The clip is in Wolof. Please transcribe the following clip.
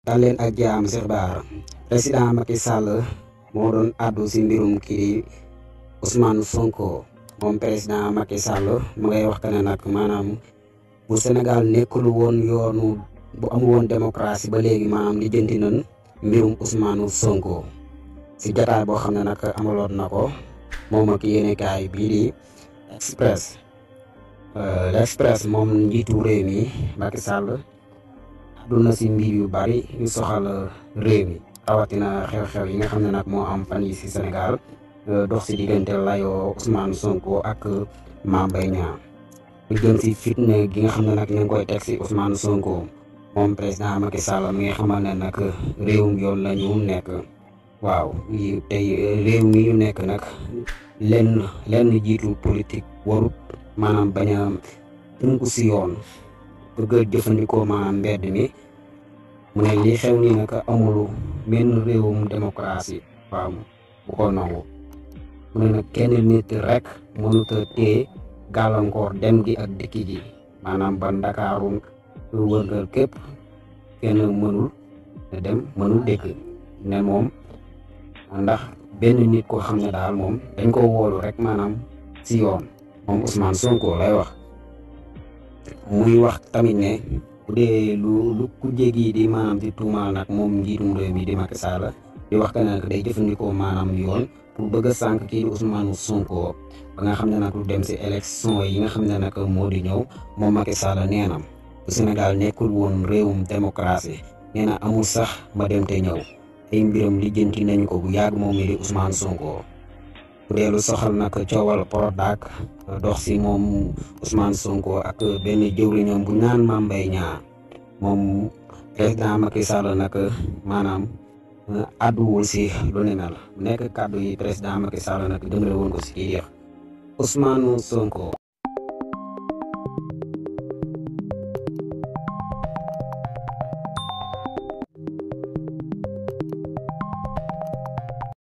dal ak jaam Cheikh Bara président Macky Sall moo doon addu si mbirum kii di Sonko moom président Macky Sall mu wax que ne nag maanaam bu Sénégal nekkul woon yoonu bu am woon démocratie ba léegi maanaam lijjanti nañ mbirum Ousmane Sonko si jotaay boo xam ne nag amaloon na ko moom ak yéenekaay bii di Express euh, l'Express moom njiitu réew mi Sall du na si mbi yu bari yu soxal euh, réew mi rawatina xew xel yi nga xam ne nag moo am fan yi si Sénégal euh, dox si diggante layoo Ousmane Sonko ak euh, Mame Mbaye Niang lu jëm si fitna gi nga xam ne nag ñu ngi koy teg si Ousmane Sonko moom président Macky Sall mi nga xamal ne nag réewum yoon la ñu nekk waaw tey réew mi ñu nekk nag lenn lenn jiitu politique warut maanaam bañ a tënku si yoon bëgg a jëfandikoo ma mbedd mi mu ne lii xew nii nag amulu benn réewum démocratie waaw bu ko kenn nit rek mënut a téye gàllankoor dem gi ak dikk gi maanaam ba ndakaaru képp kenn mënul dem mënul dëkk ne moom ndax benn nit koo xam ne daal moom dañ ko wóolu rek maanaam si yoon moom Ousmane Sonko lay wax muy wax tamit ne bu lu lu ku jéggi di maanaam di tuumaal nag moom njiitum réew mi di Macky Sall di wax que day jëfandikoo maanaam yoon pour bëgg a sànq kii di Ousmane Sonko ba nga xam ne nag lu dem si élection yi nga xam ne nag moo di ñëw moom Macky Sall nee bu Sénégal nekkul woon réewum démocratie nee na amul sax ma dem te ñëw ay mbiram lijjanti nañu ko bu yàgg moom mi di Ousmane Sonko. kuréelu soxal nag coowal Prodac dox si moom Ousmane Sonko ak benn jëwriñam bu ñaan Mame Mbaye Niang moom président Macky Sall nag maanaam eh, àdduwul si lu ni mel nekk kàddu yi président Macky Sall nag jëmale woon Sonko